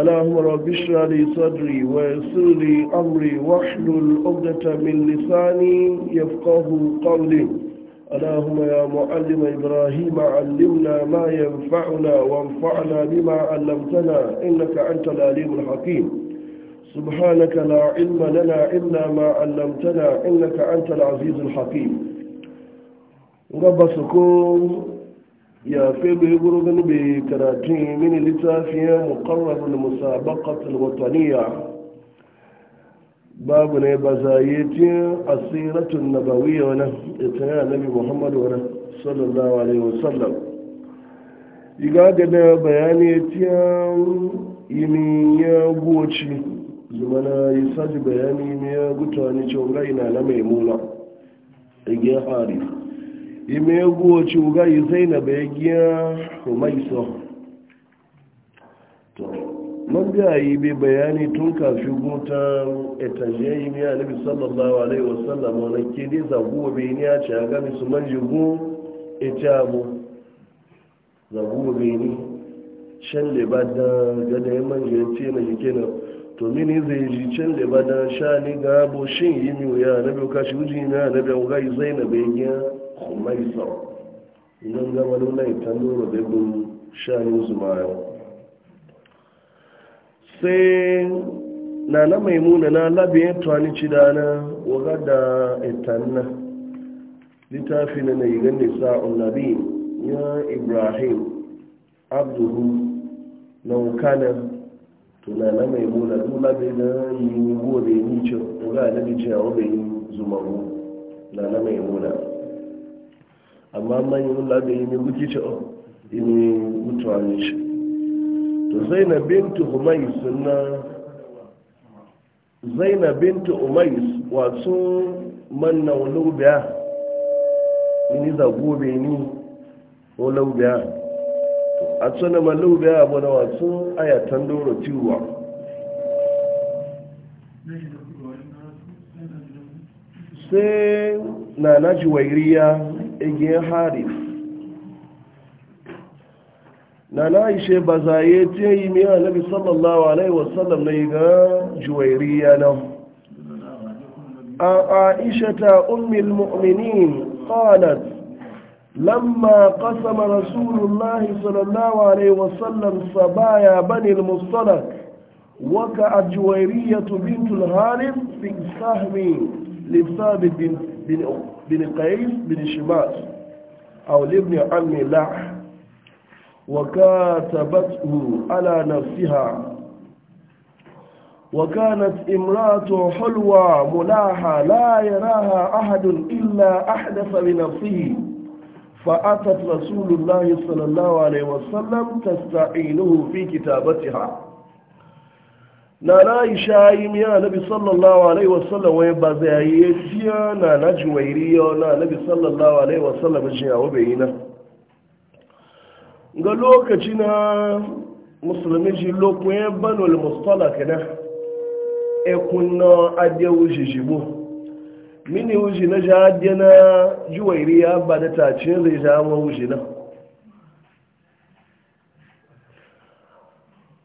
اللهم رب اشرح لي صدري ويسر لي امري واحلل عقدة من لساني يفقه قولي اللهم يا معلم ابراهيم علمنا ما ينفعنا وانفعنا بما علمتنا انك انت العليم الحكيم سبحانك لا علم لنا الا ما علمتنا انك انت العزيز الحكيم رب سكون ya fe bai guru gani bai karatun mini littafiya muqarrabul musabaqatul wataniya babu ne ba zayetin asiratun na nabawiyya wani ita ya nabi muhammadu wani sallallahu alaihi wasallam iga ga da bayani tiyan yimi ya goci zumana yi saji bayani ya gutu wani cewa ina na maimuna igiya harif ime guwaci ugayi zainab ya giya so to man biya yi bai bayani tun kafin guta etaje yi miya nabi sallallahu alaihi wasallam wani ke ne guwa bai ni a ci a gami su man jigu ita abu guwa bai ni shan leba da gada ya manje ce na jike na to mini zai ji can leba da sha ni ga abu shin yi miya nabi kashi wujina miya nabi ugayi na ya giya mai sau nan gama nuna itan doro da gun shanin zumayo sai na na maimuna na labiyan tuwani cidana waga da itanna littafi na na igan nisa nabi ya ibrahim abduhu na wukana tuna na maimuna dula bai na yi gobe ni ce waga da bijin a wabe yi zumaru na na maimuna amma manyan labe yi ne muke ce o oh, yi ne mutuwa ne shi to zaina bintu humais na bintu humais wato manna laubiya ni gobe ni o laubiya a tsana ma laubiya abu na wato ayatan doro tiwa sai na naji wairiya اجهاري لا عائشة بزايته يميا النبي صلى الله عليه وسلم نيغا جويريا نو عائشة أم المؤمنين قالت لما قسم رسول الله صلى الله عليه وسلم صبايا بني المصطلق وكأت جويرية بنت الهارم في سهم لثابت بن أخت بن قيس بن شماس أو لابن عم لح وكاتبته على نفسها وكانت امرأة حلوة ملاحة لا يراها أحد إلا أحدث بنفسه فأتت رسول الله صلى الله عليه وسلم تستعينه في كتابتها na na aisha yi miya nabi sallallahu alaihi wasallam wai ba zai yi fiya na na juwairi ya na nabi sallallahu alaihi wasallam shi yawo bai yi na ga lokaci na musulmi shi lokacin banul mustala kana ekun na e adiya wuce shi bu mini wuce na ja adiya na juwairi ya ba da tace zai ja ma wuce na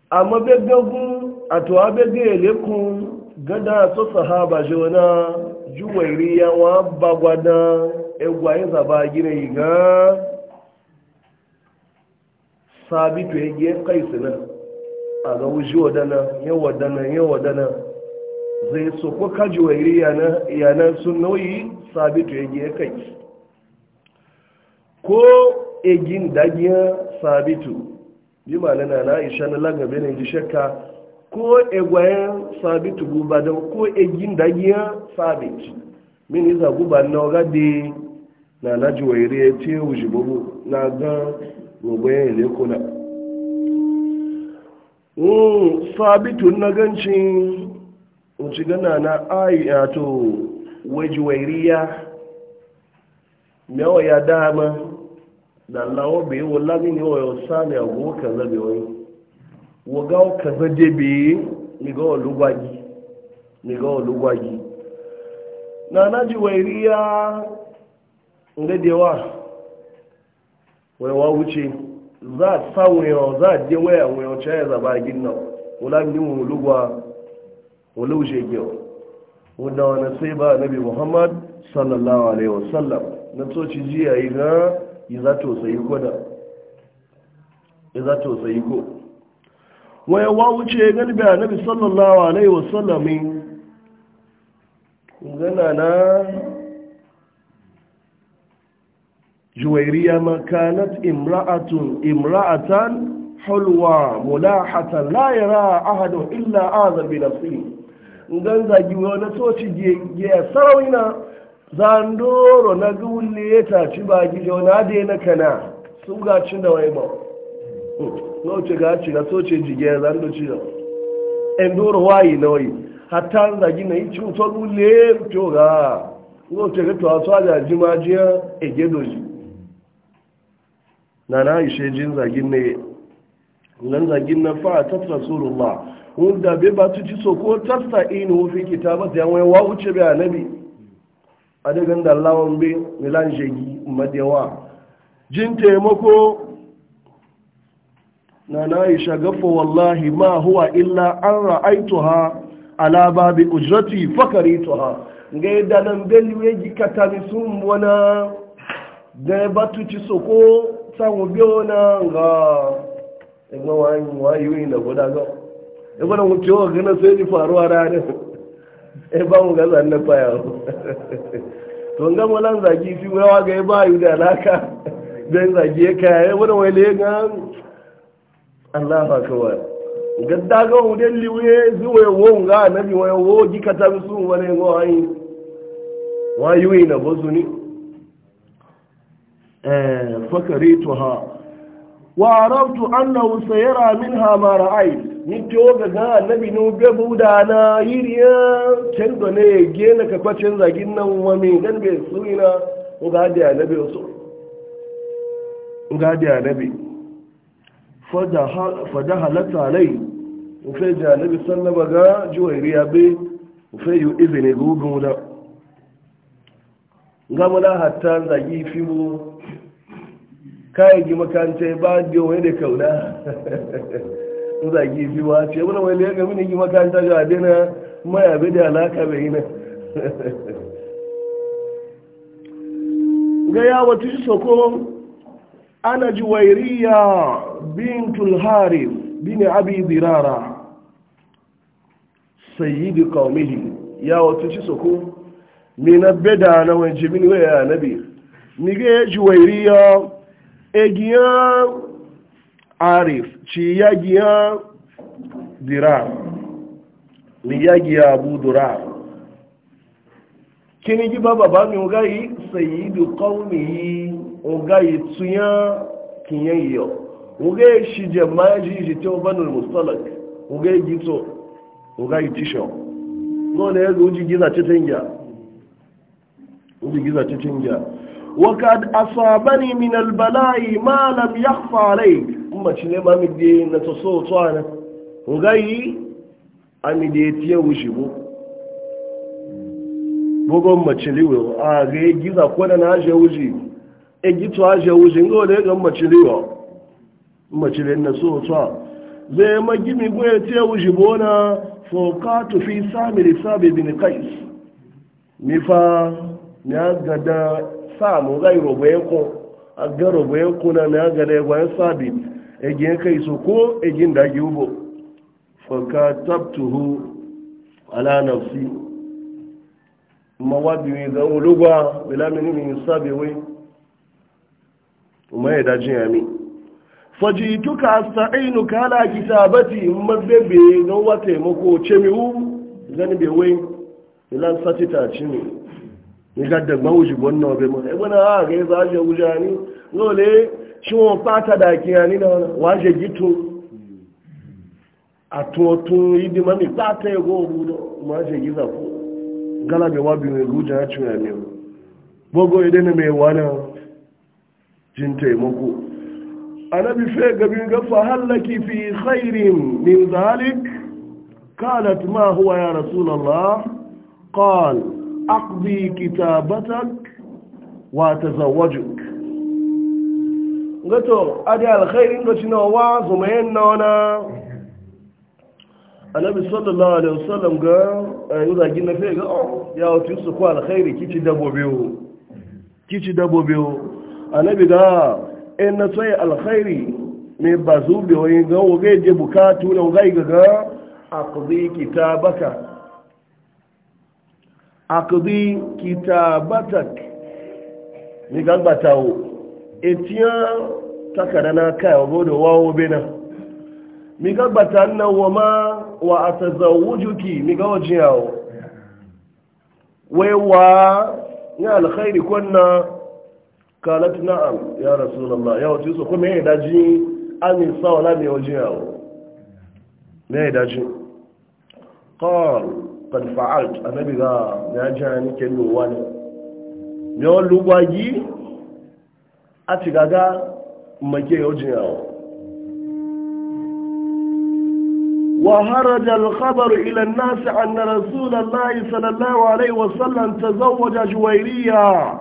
amma gaggagun a tuwa bege lekun gada su sahaba jona juwairi yawa bagwada egwayin zaba gina yi ga sabitu ya ge kaisu na a ga wuji wadana yawa wadana yawa wadana zai so ko ka juwairi yana sun nauyi sabitu ya ge kai ko egin dagiya sabitu bi ma na na ishanu lagabe ne ji shakka ko egwayen sabitu guba da ko egin dagiya sabit min iza guba na oga de na naji wairi ya ce wuji babu na ga gogoyen ile kuna mm, sabitu na gancin wuci gana na ayi to waji ya mewa ya dama da lawo bai wula mini wa yau sami agogo kan zabe wani kaza wọ́gá ọkàzọ́ débè nígbà olúgbàgì nígbà Na nana ji wẹ̀rí ya ndedewa wẹ̀wá wuce za a sa wuyan za a je waya wuyan caya zaba gin nan Wala ni mu lugwa wula wuce gewa wanda wani sai ba nabi muhammad sallallahu alaihi wasallam na toci jiya yi na yi za to sayi ko da yi za to sayi ko waya wawuce galibi a nabi sallallahu alaihi wasallami gana na juwairiya makanat imra'atun imra'atan hulwa mulahatan la yara ahadun illa azabi nafsi Gan zagi wani soci ge sarawina zandoro na gulle ya ci ba gijo na dai na kana su gacin da wai ba na oce ga ci na soce oche ya zan doci da enduro wayi na Ha taa zagi na ichi uto gule to ga ngo te ga to aso da jimajiya ege doji na na ishe jin zagin ne nan zagin na fa ta rasulullah wanda be ba tu so ko tasta inu fi kitaba da wai wa uce be annabi adagan da lawan be milan jegi madiwa jin taimako na na aisha gafa wallahi ma huwa illa an ha ala babi ujrati ha ga yadda nan belu ya ji katami sun wana da ya batu ci soko samun biyo na ga ẹgbẹ́ wa ń yi na ìnàgbọ́dá gọ́ ẹgbẹ́ náà mo tí ó gánà sí ẹni faruwa rárẹ̀ ẹgbẹ́ àwọn gaza ń nípa yà ó to ń gámọ́ láǹzàgì sí wẹ́wà ga ẹgbẹ́ da alaka bẹ́ẹ̀ zagi ya kaya ẹgbẹ́ náà wọ́n le gan an lafa kawai gadda ga hudun liwe zuwa yawo ga nabi eh, wa yawo jika ta su wani Wa yi wayuwe na bazu ne fakari to ha wa arabtu annahu sayara minha ma ra'ay ni to ga ga nabi no be buda na yiriya can da ne ge na ka kwacin zagin nan wa me dan be suina ga da nabi so ga da nabi fada halatta alai ufe ji sallaba ga juwairi ya be ufe yi izini ga ugun da gamuna hatta zagi fi mu kayan gi makanta ba biyo wani da kauna zagi fi wa ce wani wani ya gami ne gi makanta ga adina maya bi da alaka bai na ga ya wata shi soko ana juwairiya bintul harif bin abi dirara sayyidi qaumihi ya wato ci soko me na beda na ya min waya nabi ni ga juwairiya egiya arif ci yagiya dirar ni yagiya abu durar kini ji baba ba mi ogayi sayyidu qaumihi ogayi tuya kiyan yo uge shi jamaji ji to banul mustalak uge gito uga itisho no ne yazo uji giza ce uji giza ce tinga wa kad asabani min al bala'i ma lam yakhfa alayk umma shi ne ma mi de na to so to ana uga yi ami de tie wushi bu bugon maciliwo a ga na aje e aje ngole mace da so zai magimi goya bona fokatu fi sami risabi bin kais gada samu ko a ga robayen na gada ya gwayan sabi egin kai so ko egin da ubo ala nafsi mawabi ga bilamini sabi wai ya dajin fajituka asta'inuka ala kitabati mabebe ga wata mako cemiu zani be wai sati ta cimi ni gadda mu ha ga za je lole shi won fata da na waje gitu idi mami fata go giza ko gala be wabi ne wana jinte mako أنا بفاق من هل لك في خير من ذلك قالت ما هو يا رسول الله قال أقضي كتابتك وتزوجك قلت أدي على خير إنك نواز وما ينونا أنا صلى الله عليه وسلم قال يوضع جينا فيه قال يا أتوسكوا على خير كيف دبوبيو بيو دبوبيو تدبو بيو أنا بدأ in na tsaye alkhairi mai ba zube wani ga wagai je bukatu na wagai gaga akudi kitabaka akudi kitabatak ni gagbatawo etiyan takara na kai wago wa, wawo bena mi gagbata na wa ma wa a tazawujuki mi ga wajen yawo wai wa ya alkhairi kwanna قالت نعم يا رسول الله يا وتيسو كم هي داجي أني صاو لم يوجيه ما هي داجي قال قد فعلت أنا بغا جاني كنو وانا يقول لواجي أتغاغا مكي يوجيه وهرج الخبر إلى الناس أن رسول الله صلى الله عليه وسلم تزوج جويرية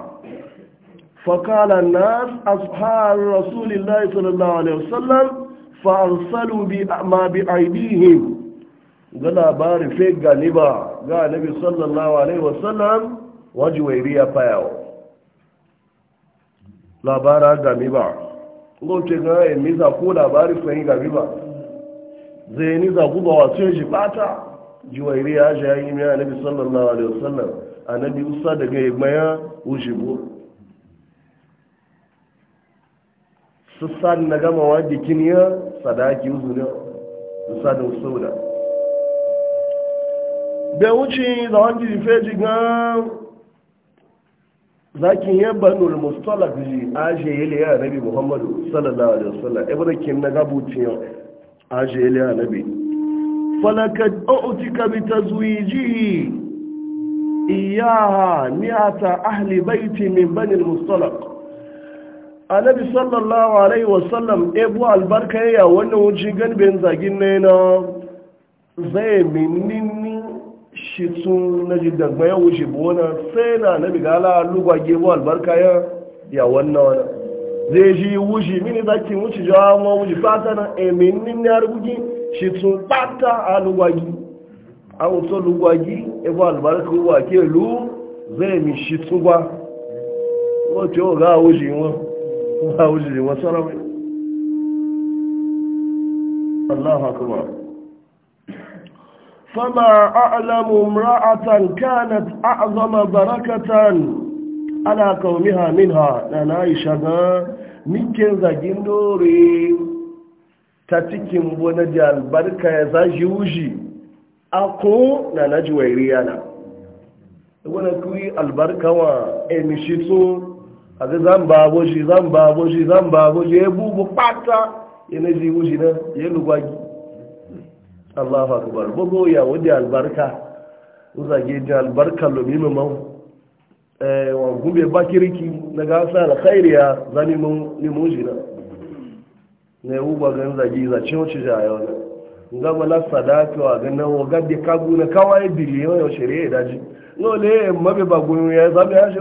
فقال الناس أصحاب رسول الله صلى الله عليه وسلم فأرسلوا ما بأيديهم قال بار فيك قالبا قال النبي صلى الله عليه وسلم وجويريا فاو لا بار غالبا قلت غاي ميزا كولا بار قالبا زي نيزا زغبا واتيجي باتا جويريا جاي من النبي صلى الله عليه وسلم النبي أصدق دغه مايا وجبو sussan na gamawa jikin ya sadaki uzuri sussan da usura bai wuce da wani jife jigan zakin ya banul mustalak ji aje yele na nabi muhammadu sallallahu alaihi wasallam ibn kin na gabutin aje yi ya nabi falakad u'tika bi tazwijihi iyaha ni'ata ahli baiti min banin al-mustalaq annabi sallallahu alaihi wasallam ebu albarka ya wannan wuce ganibin zagin ne na zai minini shi tun na ji dagba ya wuce buwana sai na annabi gala lugwage bu albarka ya ya wannan wani zai ji wuce mini zaki wuce jawa ma wuce fata na e eh, minini ya rubuki shi tun fata a lugwage a wuto lugwage ebu albarka wa ke lu zai mi shi tun gwa wato ga wuce wọn ba wujiri wasu rami Allah akbar فما أعلم امرأة كانت ha, بركة على قومها منها أنا عائشة nikin zagin dore ta cikin wani da albarka ya zaji wuji a ko na naji wairi yana wani kuri albarkawa emishi eh, so aga zan babo shi zan babo shi zan babo shi ya bubu e pata ya e na ji wuce na ya lugwagi allahu akbar bugu ya wuce albarka uzage ji albarka lomi mamau wa gube bakiriki na gasa da khairiya za nemo shi na na yi uba gan zage zace wace ja yau na gama na sadaka wa ganin wa gabe kagu na kawai e biliyon yau shari'a daji no le mabe bagun ya zabe ya shi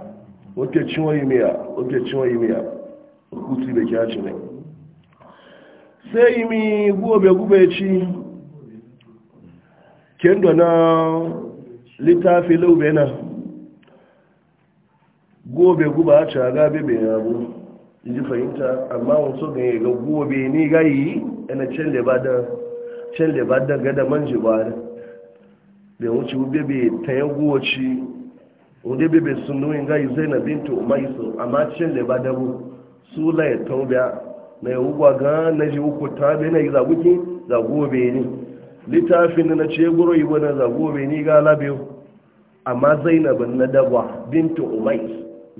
wake cinwa yi miya wake cinwa yi miya kuti da kya ci ne sai mi gobe gube ci kendo na littafi laube na gobe guba a caga bebe ya bu ji fahimta amma wasu ga ga gobe ni gayi yana can da ba da gada manji ba da wuce bebe ta yi goci wadda bebe sunu yin izai na bintu umaisu amma cin da ba dabu su ya taubiya na yau gwa ga na ji uku ta be na yi zaguki zagobe ni littafin na ce guro yi wani zagobe ni ga labe amma zainab na dabwa bintu umais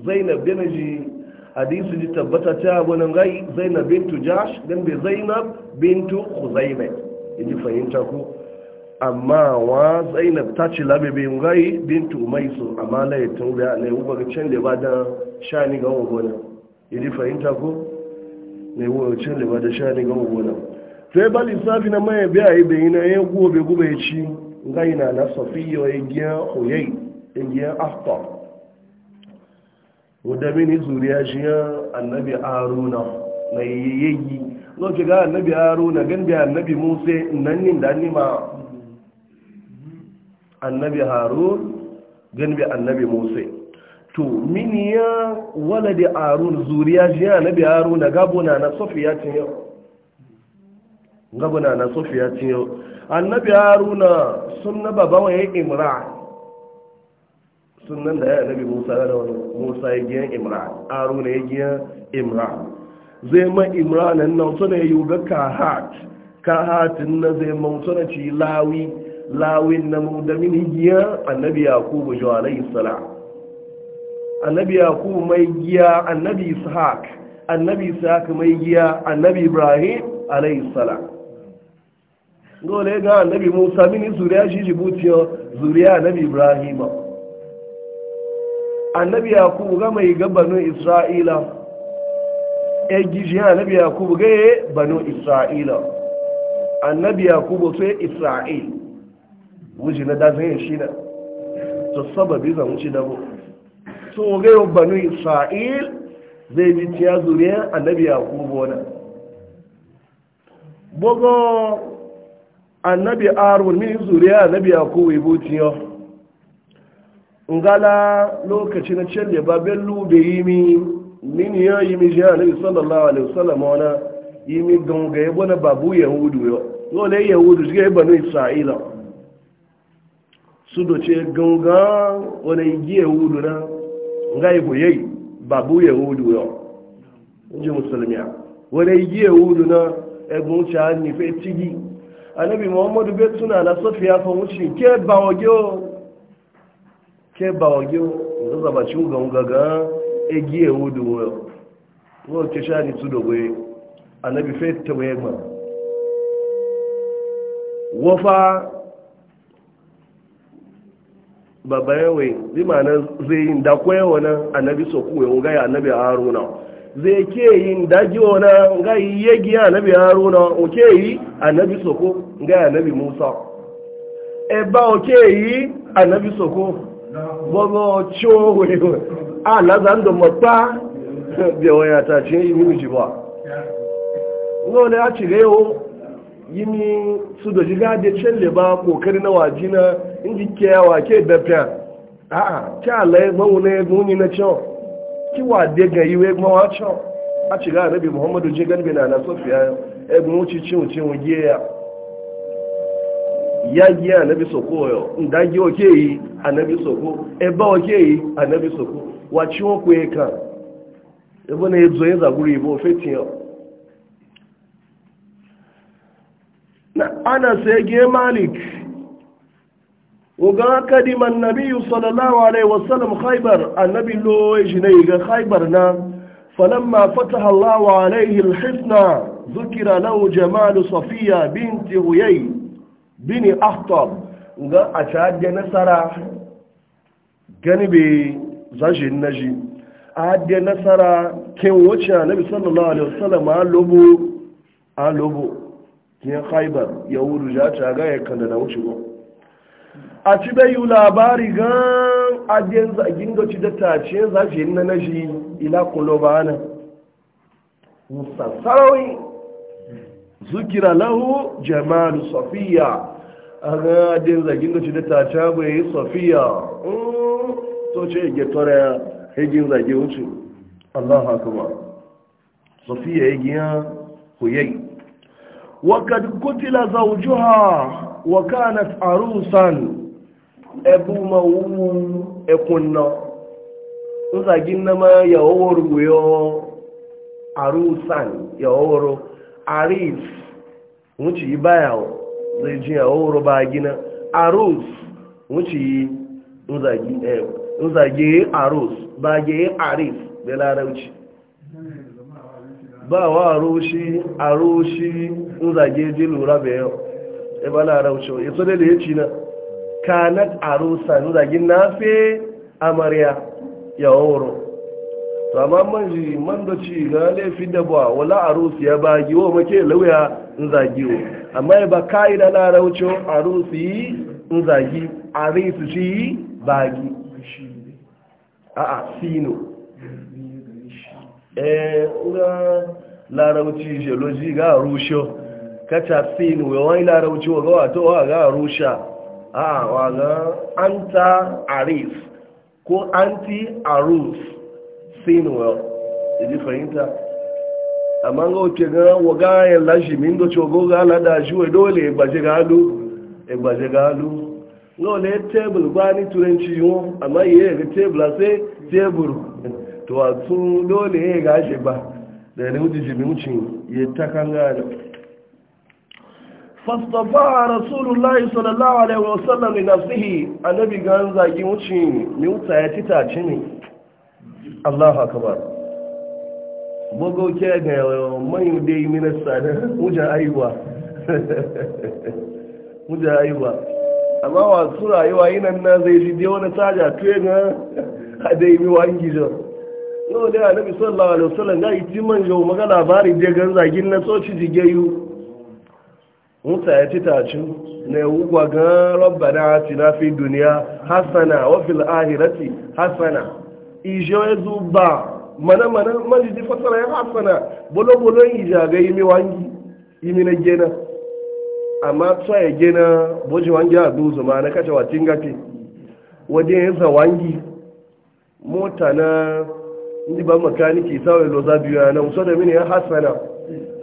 zainab da na ji hadisi ji tabbata ta nan gai zainab bintu jash dan be zainab bintu khuzaimah in ji fahimta ko amma wa zainab ta ce labibi ngai bintu umaisu amma laifin da ne yi wubar can da ba da shani ga wagona idi fahimta ko ne yi ga can da ba da shani ga wagona sai ba lissafi na mai biya yi bayi na ya gobe gube ya ci ngai na na safiya ya giya huyai ya giya afta wadda mini zuriya shi ya annabi aruna mai yi yayi lokacin ga annabi aruna gan biya annabi musa nan ne da ni ma annabi harun ganbe annabi musa to ya waladi harun zuriya shi annabi harun gabuna gabona na sofiya cin yau gabona na sofiya cin yau annabi harun sun na baba wa ya imra sunan da ya annabi musa da wani musa ya giyan imra haruna ya giyan imra zai ma imra nan nan ya yi ga kahat kahatin na zai mautuna ci lawi lawin na mudamin hijiya annabi yakubu jo alayhi salam annabi yakubu mai giya annabi ishaq annabi ishaq mai giya annabi ibrahim alayhi salam dole ga annabi musa mini zuriya shi jibutiyo zuriya annabi ibrahim annabi yakubu ga mai ga isra'ila e gishi annabi yakubu ga e banu isra'ila annabi yakubu sai isra'il wuji na dazin shi da, to sababi zan wuce da bu to ga yau banu isra'il zai bi tiya zuriya annabi yakubu wannan bogo annabi arun min zuriya annabi yakubu ibutiyo ngala lokaci na celle babin lube yi mi min ya yi mi shi annabi sallallahu alaihi wasallam wana yi mi gonga bu na babu yahudu yo dole yahudu shi ga banu isra'ila su doce ganga wani igi yahudu na ngai ihu yayi babu yahudu yau inji musulmi a wani igi yahudu na egun wuce a nife tigi anabi muhammadu bai tuna na sofiya fa wuce ke bawoge o ke bawoge o da zabacin ganga ga igi yahudu yau wọ́n kí ṣáà ní túnlọ̀wé anábífẹ́ tẹ̀wẹ́ ẹgbọ̀n wọ́fà babba yawai zimanin zai yi da kwaya wani annabi soku ya gaya annabi haruna zai ke yi daji wani gayi ya giya annabi haruna oke yi annabi soku gaya annabi musa ẹba e oke yi annabi soku gbogbo ciwo a lazan da mata bewa ya ta ce yi ji ba wani a cire yau yi mi su da jiga da celle ba kokari na wajina inji kiyawa ke bepia a'a ki ala mawu na egun ni na cho ki wa de ga iwe gbon wa cho a ci ga nabi muhammadu je gan bi na na sofiya egun uchi chi uchi wuje ya ya gi anabi soko yo nda gi oke yi anabi soko eba oke yi anabi soko wa chi won ku eka ebo na ezo yin e, zaguru ibo fetin yo na ana sai e, ge malik Oga kadiman nabiyu sallallahu alaihi wasallam khaybar annabi loye shi ne ga khaybar na falamma fataha Allahu alaihi alhisna zukira lahu jamal safiya binti huyay bini ahtab oga a tadde nasara gani be zashi naji a hadde nasara kin wuce annabi sallallahu alaihi wasallam a lobo a lobo kin khaibar ya ta ga yakanda na da wuce ba a ci bai yi labari gan adiyan zagin da ci da tace zafi na na shi ila kulo ba na musassarawai zukira lahu jamalu Sofiya, a ga adiyan zagin da ci da tace bai yi Sofiya. so mm, ce ya tore ya hegin zage wuce allah hakuma Sofiya ya giya huyayi wakad kutila zaujuha wa kanat arusan ebu ma wu ekunna nzagin na nnama ya oworo guyo arusan ya oworo arif wuce yi baya ya oworo ba gina arus wuce yi nzage eh, arus ba ge arif da larauci ba wa arushi arushi nzage ji lura e bayan ebe larauci ya so da na kanat arusan zagin nafe amarya ya wuro to amma man ji man da ci ga laifin da ba wala arusi ya bagi wa make lauya in zagi wo amma ba kai da larauco arusi in zagi arisi shi bagi a a sino eh ga larauci geology ga rusho kacha sino wani larauci wa ga wato ga rusha a waga anta arif ko anti aruf sinuwa iji fahimta amma ga oke ga waga ya lashi min da cogo e e ga alada shi wai dole egbaje galu egbaje galu ga wale tebul ba ni turanci yiwu amma iya ga tebulu sai tebur to a dole ya ga shi ba da ne wuce jimin cin ya takan fastafa rasulullahi sallallahu alaihi wasallam li nafsihi annabi gan zagi wuce mi wuta ya tita ci ne Allahu akbar bogo ke ga mai dai minista da wuja aiwa wuja aiwa amma wa su rayuwa yinan na zai ji dai wani taja tuye ga dai mi wangi jo no dai annabi sallallahu alaihi wasallam ga yi timan jo magana bari dai gan zagin na soci jigeyu musa ya ci tacin na yawugwa gan rabbana na fi duniya hasana wa fil ahirati hasana ijo ya ba mana mana majiji fasara ya hasana bolo bolo jaga ga yimi wangi yimi na gena amma tsa ya gena boji wangi a duzu ma na kace wa tingati waje ya za wangi mota na ndi ba makaniki sawai loza biyu na uso mini ya hasana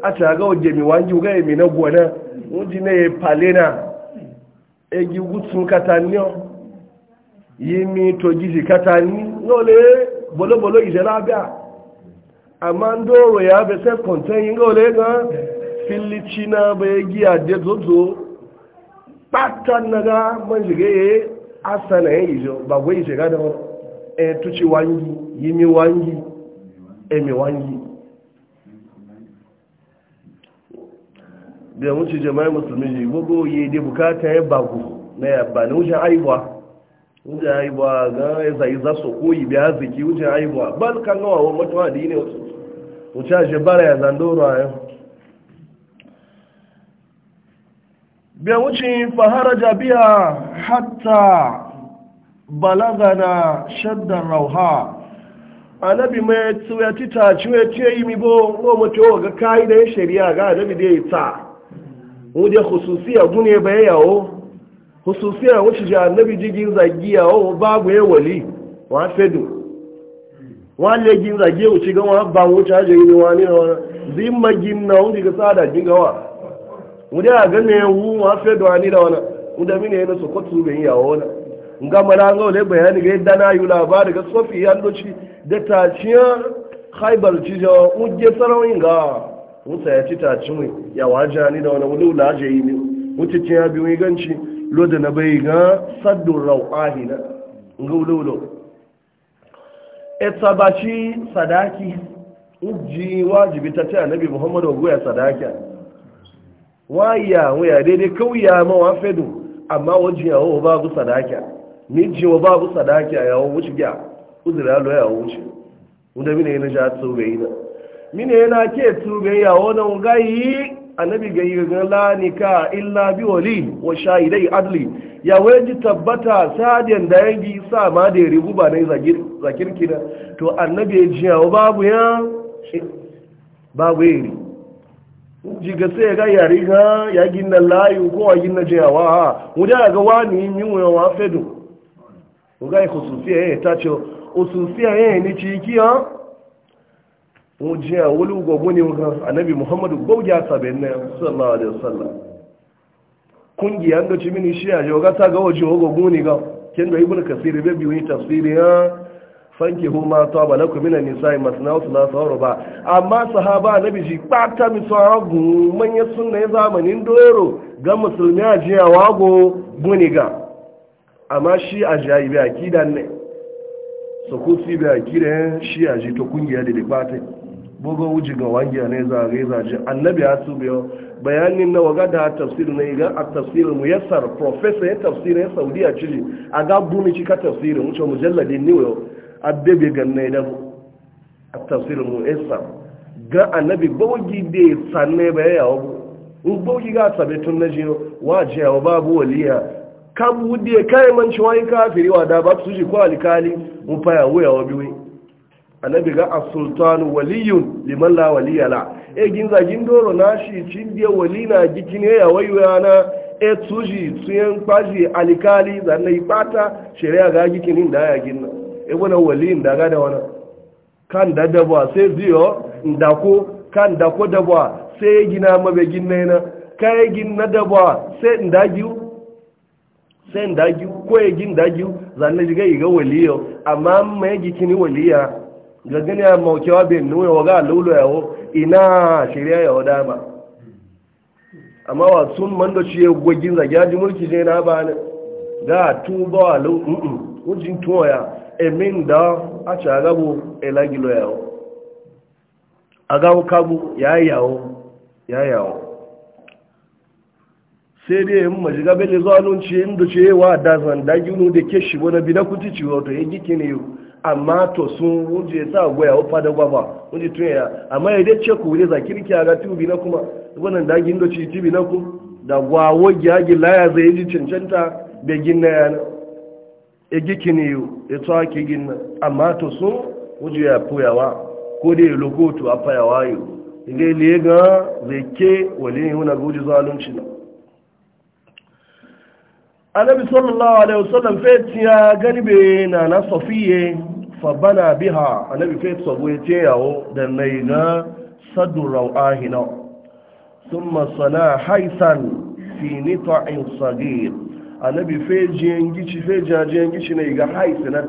a ta ga waje mi wangi ga yimi na gona wọ́n na yẹ pàlẹ́ náà egi wútún kata ní ọ yìí mi tó jíjì kata ní náà lè bọ́lọ́bọ́lọ́ ìṣẹ́lá bíà àmá ń dóòrò yà bẹ kọ̀ǹtẹ́yìn náà lè gan filichi bẹ egi àdé tótó pátá náà mọ́jìgé asana yẹ ìṣọ bàgbé ìṣẹ́gá náà ẹ̀ tó ti wáyé yìí mi wáyé ẹ̀mí wáyé da wuce jama'i musulmi ne gogo yi da bukata ya bagu na yabba na wuce aibuwa wuce aibuwa ga ya zai za su koyi biya ziki wuce aibuwa su kan gawa wa mutuwa yi ne wasu wuce a shebara ya zandoro a yau biya wuce fahara jabiya hatta balagana shaddan rauha nabi mai tsuya tita ciwe ce yi mi bo ko mace ga kai da shari'a ga nabi da ya yi ta wuje hususiya gune bai yawo hususiya wuce ji annabi jigin zagi yawo babu ya wali wa fedu wa legin zagi wuce ga wa ba wuce aje ni na ni wa zimma ginna wuje ga sada jinga wa wuje a ganne wu wa fedu ani da wana wuje mine ne su kotu ga yawo na nga mala nga le bayani ga dana yu labari ga sofi yandoci da taciya khaybar cijo uje sarawin ga musa ya ci taci mai ya waje ni da wani wani wulaje yi ne mutuncin ya biyu ganci loda na bai ga saddun rau'ahi na ga wulaulo ita e ba ci sadaki uji wajibi ta ce annabi muhammad wa goya sadaki waya waya daidai kauya ma wa fedu amma wajen yawo babu sadaki miji wa babu sadaki a yawon wuce gya uzura lo yawon wuce wanda bi ne na ja tsobe yi na mine yana ke tugayya wani gayi annabi gayi ga lanika illa bi wali wa shahidai adli ya waje tabbata sadiyan da yangi sa ma da ribu ba nai zakir kina to annabi ya jiya babu ya babu yiri ga sai ya ga yari ga ya ginna layu ko a ginna jiyawa ha da ga wani min wa fedu ga khususiya ya tacho ususiya ya ni ciki ha mu mujiya wani gwagwo ne wuka annabi muhammadu gwagwa sabin na sallallahu alaihi wasallam kungiya ga ci mini shi a joga ta ga waje gwagwo ne ga kin ga ibnu kasir bai biyu ni tafsiri ya fanki hu ma ta ba lakum minan nisa'i masna wa thulatha wa ruba amma sahaba annabi ji kwata mi sahabu manyan sunna zamanin doyaro ga musulmi a jiya wago guniga amma shi a jayi bi akidan ne su kusi bi akidan shi a ji to kungiya da da kwata bugo wuji ga wangiya ne za ga zaje annabi ya su biyo bayanin na waga da tafsir ne ga at tafsir muyassar professor ya tafsir ya saudi a cili a ga bumi cika tafsir mu ce mujalladi ne yo abbe ga ne da at tafsir muyassar ga annabi bogi de sanne ba ya wo un bogi ga sabe tun na jiyo waje wa babu waliya kam wudi kai man shi wai kafiri wa da ba su ji ko alkali mu fa ya wuya wa biwi annabi ga as-sultanu waliyun liman la waliya la e ginza gindoro na shi cin cindiye wali na gikine ya wayo na e tuji tsuyen kwaji alikali zanna ipata shari'a ga gikinin da ya ginna e wani wali da ga da wani kan da dabwa sai ziyo ndako kan da ko dabwa sai ya e gina mabe ginna na kai e ginna dabwa sai ndagiu sai ndagiu ko ya gin ndagiu zanna diga ga waliyo amma mai gikini waliya gagani ya maukewa bin nuna waga lulu yawo ina shirya yawo dama amma wa sun mando shi ya gwagin zagyaji mulki ne na ba ne za a tuba wa lulu ujin tuwaya emin da a ci agabu elagilo yawo agabu kabu ya yawo ya yawo sai dai yin majiga bele zuwa nunci inda ce wa da zanda gino da ke bi na kuti ciwo to yin e gike ne yau amma to sun wuje sa goya wa da gwaba wani tun yaya amma ya dace ku zaki zakiri ki ga tubi na kuma wannan dagin da ci tubi na ku da gwawo gyagi laya zai ji cancanta da gina yana e ne yu ya e to ake gina amma to sun wuje ya fuyawa ko dai lokoto a fayawa yi ile le zai ke wale yuna gudi zalunci na annabi sallallahu alaihi wasallam fetin ya ganibe na na safiye fabana biha annabi fetin sabo ya ce yawo da nai na sadun rau'ahina thumma sana haisan fi nita'in sagir annabi fejiyan gici fejajiyan gici ne ga haisina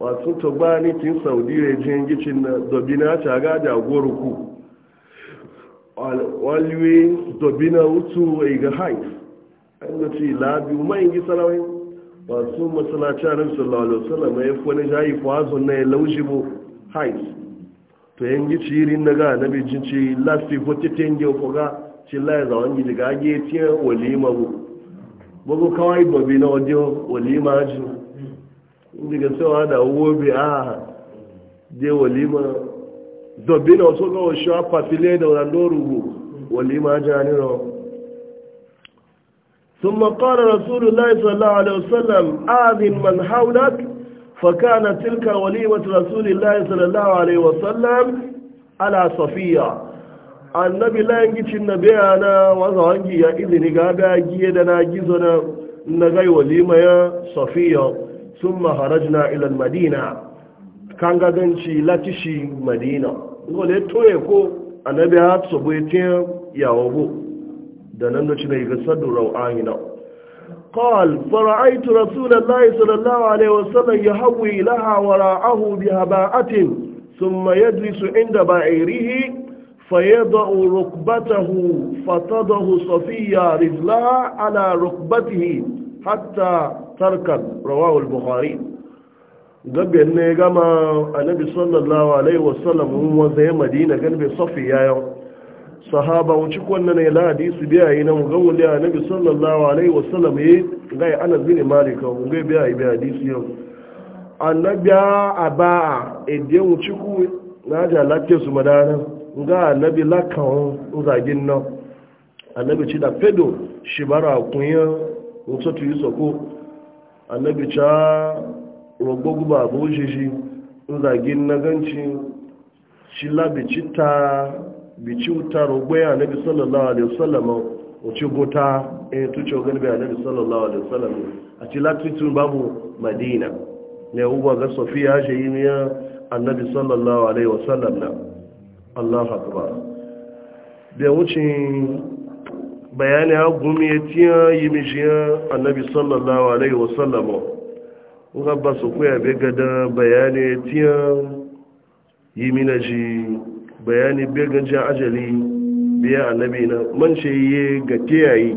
wasu tobani tin saudiya jiyan gicin na dobina ta ga jagoro ku walwe dobina wutu ga haisi. an ga ci labi mai yi sarawai ba su masalaci a nufisar lalau salama ya fi wani jayi kwazon na ya laushi bu hais to yan yi cirin na ga na bijin ci lafi hote ta yange ko ga ci laye zawon gidi ga age tiyan walima bu bugu kawai babi na wajen walima ji inda ga cewa da wobe a de walima dobi na wasu ga wasu a fafile da wani dorugu walima ji a nira Sun قال رسول الله صلى الله عليه وسلم آذن من حولك فكانت تلك وليمة رسول الله صلى الله عليه وسلم على صفية annabi layan gicin na bayana wasu hangi izini ga gagiye da na gizo na na gai walima safiya sun maharajna ilan madina kan gaganci latishi madina gole toye ko annabi ya tsobe yawon da nan da cina ga sadu rau'ayina قال فرأيت رسول الله صلى الله عليه وسلم يهوي لها وراءه بهباءة ثم يجلس عند بعيره فيضع ركبته فتضه صفية رجلها على ركبته حتى تركب رواه البخاري قبل أن يقام النبي صلى الله عليه وسلم وزي مدينة ganbe صفية يوم sahaba wuce kwanna ne la hadisi biya yi nan ga na bi sallallahu alaihi wasallam yi ga ya anas bin malik ko ga biya yi biya hadisi yau annabi a ede wuce ku na ja lakke su madana ga annabi lakan zagin nan annabi ci da fedo shibara kunya wuce tu yi soko annabi ca rogogu guba bo shi zagin na ganci shi labi cita bici wuta rogbe a nabi sallallahu alaihi wasallam wace gota a e yi tuce galibin bi nabi sallallahu alaihi wasallam a ci latitun babu madina ne uba ga sofiya shi yi niya annabi sallallahu alaihi wasallam na allah akbar da wucin bayani ya gumi ya tiya yi mishiyar annabi sallallahu alaihi wasallam ga ba su kuya bai gada bayani ya tiya yi minashi bayani bai gajin ajali biya annabi na man ce yi ga kiyaye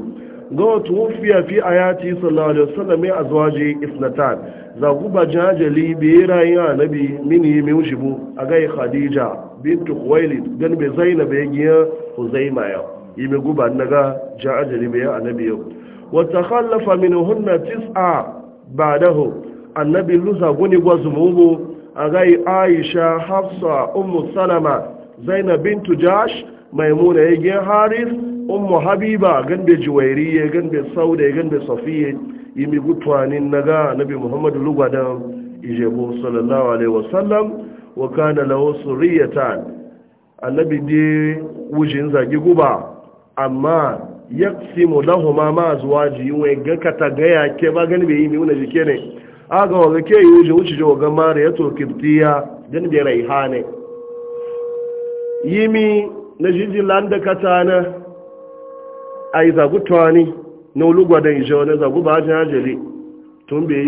ga wata wufiya fi a yati sallallahu alaihi wasallam ya azwaji isnatan za ba jin ajali biya rayin annabi mini mai wuce bu a gai khadija bintu khuwailid gan bai zainab ya giya huzaima ya yi mai guba na ga jin ajali biya annabi yau wata khallafa min hunna tis'a ba'dahu annabi lusa guni gwazu a gai aisha hafsa ummu salama zainab bintu jash maimuna ya gen haris umu habiba ganbe juwairiye ganbe sauda ya ganbe mai gutuwanin na naga nabi muhammadu lugwadan ijebo sallallahu alaihi wasallam wa kana lahu suriyatan annabi de wujin zagi guba amma yaksimu lahuma ma zuwa yi wa ga kata gaya ke ba ganbe yi mai wuna jike ne aga wa ga ke yi wuje wuce ga mare ya to kibtiya rai hane. yimi na jiji landa a yi zagu twani na olugwa da ijo na zagu ba ta jeli tun be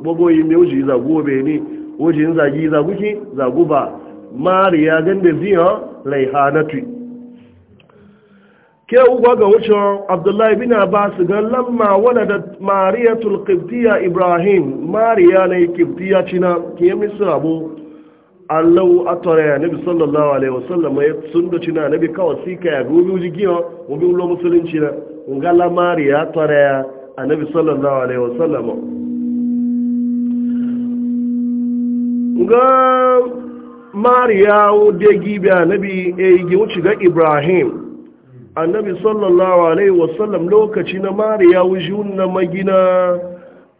gbogbo yi yimi oji zagu obe ni oji zagi zagu ki zagu ba mariya gande na laihanatu ke ugwa ga wucin abdullahi bin abbas ga lamma da mariyatul qibtiyya ibrahim mariya ne qibtiyya cina ke misra abu allahu atọrẹ ya nabi sallallahu alaihi wasallam ya sun da cina nabi kawai sika ya gobe uji giyo gobe ulo musulunci na nga lamari ya atọrẹ ya a nabi sallallahu alaihi wasallam nga mariya wude gibi e a nabi gi wuce ga ibrahim annabi sallallahu alaihi wasallam lokaci na mariya wuce na magina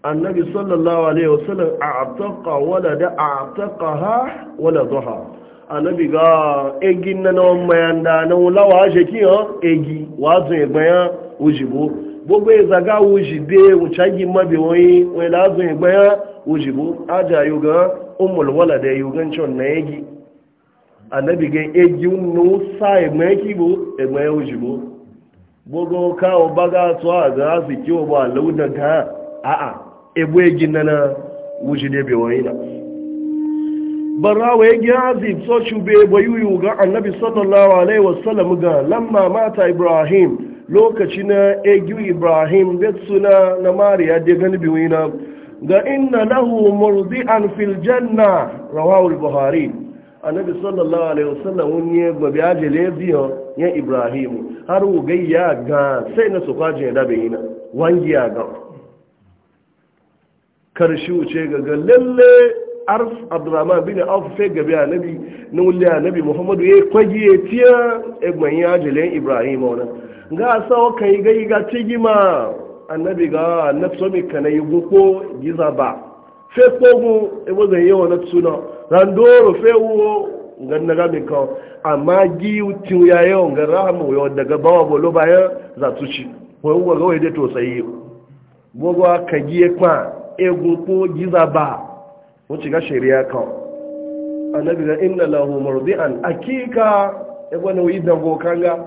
annabi sallallahu alaihi wasallam a'taqa walada a'taqaha waladaha annabi ga egi nana mayanda na lawa sheki ha egi wazun egban ya ujibo gbogbo izaga ujide uchagi mabe wani wani lazun egban ya ujibo aja yuga umul walada yugan chon na egi annabi ga egi nu sa egban ya kibo egban ya ujibo gbogbo kawo obaga to a ga asiki obo alaunan ka a'a Ebo gina na wuce ne bai wani na barawa ya gina azib so shube bayuyu ga annabi sallallahu alaihi wasallam ga lamma mata ibrahim lokaci na egu ibrahim bet suna na mariya da gani biyu na ga inna lahu murdi'an fil janna rawahu al-buhari annabi sallallahu alaihi wasallam wani ya gbabi ajiyar biyo ya ibrahim har wugayya ga sai na sokaje da ya dabe wangiya ga karshe wuce ga lalle arf abdurrahman bin auf fe gabe annabi na wulle annabi muhammadu ya kwagi ya tiya egban ya jilen ibrahim wannan ga sawa kai ga ga tigima annabi ga annabi so mi kana yi guko giza ba fe kogu e bo zan yawa na tsuna randoro fe wo ngan na mi kawo. amma gi utin ya yawa ngan rahamu yo daga bawa bolo baya za tuci ko wa ga wai da to sai bogo ka gi e kwa egoto giza ba wuce ga shari'a kan annabi da inna lahu murdi'an akika ego ne yi dago kanga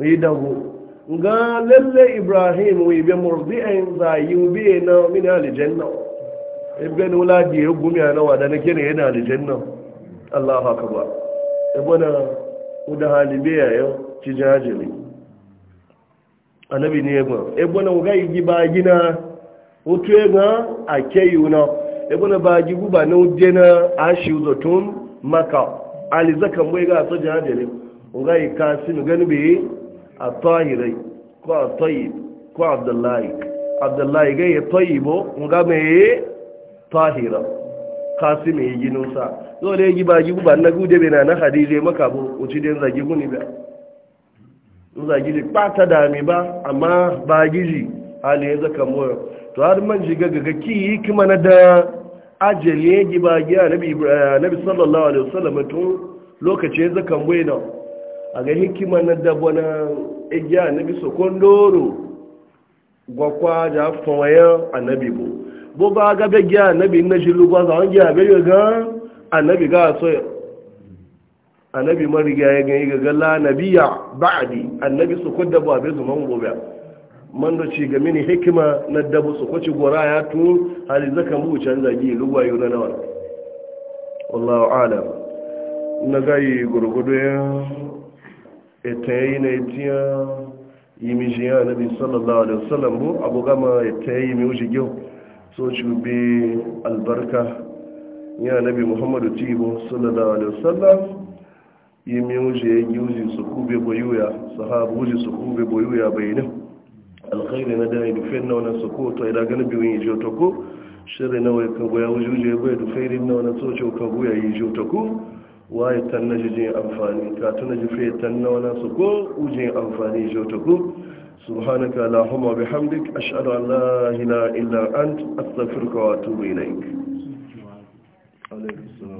yi dago ga lalle ibrahim wi be murdi'an za yubi na min aljanna ebe ne wala di ego mi ana wada nake ne yana aljanna Allahu akbar ebo na uda halibe yayo ci jajiri annabi ne ba ebo na ga yi ba gina hutu ya ga a keyu na ebe na baji guba na ude na ashi uzotun maka alizakan bai ga sojan hajjale ga yi kasin gani bai a tahirai ko a yi, ko abdullahi abdullahi ga ya tayi bo ga mai tahira yi baji na na na maka dami ba amma bagiji hali to har man shiga ga ki hikima na da ajali ya giba giya nabi sallallahu alaihi wasallam tun lokaci ya zakan bayyana a ga hikima na da bana igiya nabi sokondoro gwakwa da a nabi bo bo ba ga be giya nabi na jilu ba za giya be ga nabi ga so nabi mariga ya ga ga la nabiya ba'di annabi sokodda ba bai zuman gobe man da ci ga mini hikima na dabu su kwaci gora ya tu hali zaka mu canza gi lugwa yau na nawa wallahu alam na gayi gurgudu ya etayi na etiya yi mi jiya na bi sallallahu alaihi wasallam bu abu gama etayi mi uji gyau so ci bi albarka ya nabi muhammadu tibo sallallahu alaihi wasallam yi mi uji ya yi uji su kube boyuya sahabu uji su kube boyuya bayanin alkhairi na dai dufen na wannan suko to ida ganin biwin yi to ko shirri na wai kan goya wujuje goya dufairi na wannan socho kan goya yi to ko waye tan na jijin amfani ka tuna jife tan na wannan suko ujin amfani yi ko سبحانك اللهم وبحمدك أشهد أن لا إله إلا أنت أستغفرك وأتوب إليك عليه السلام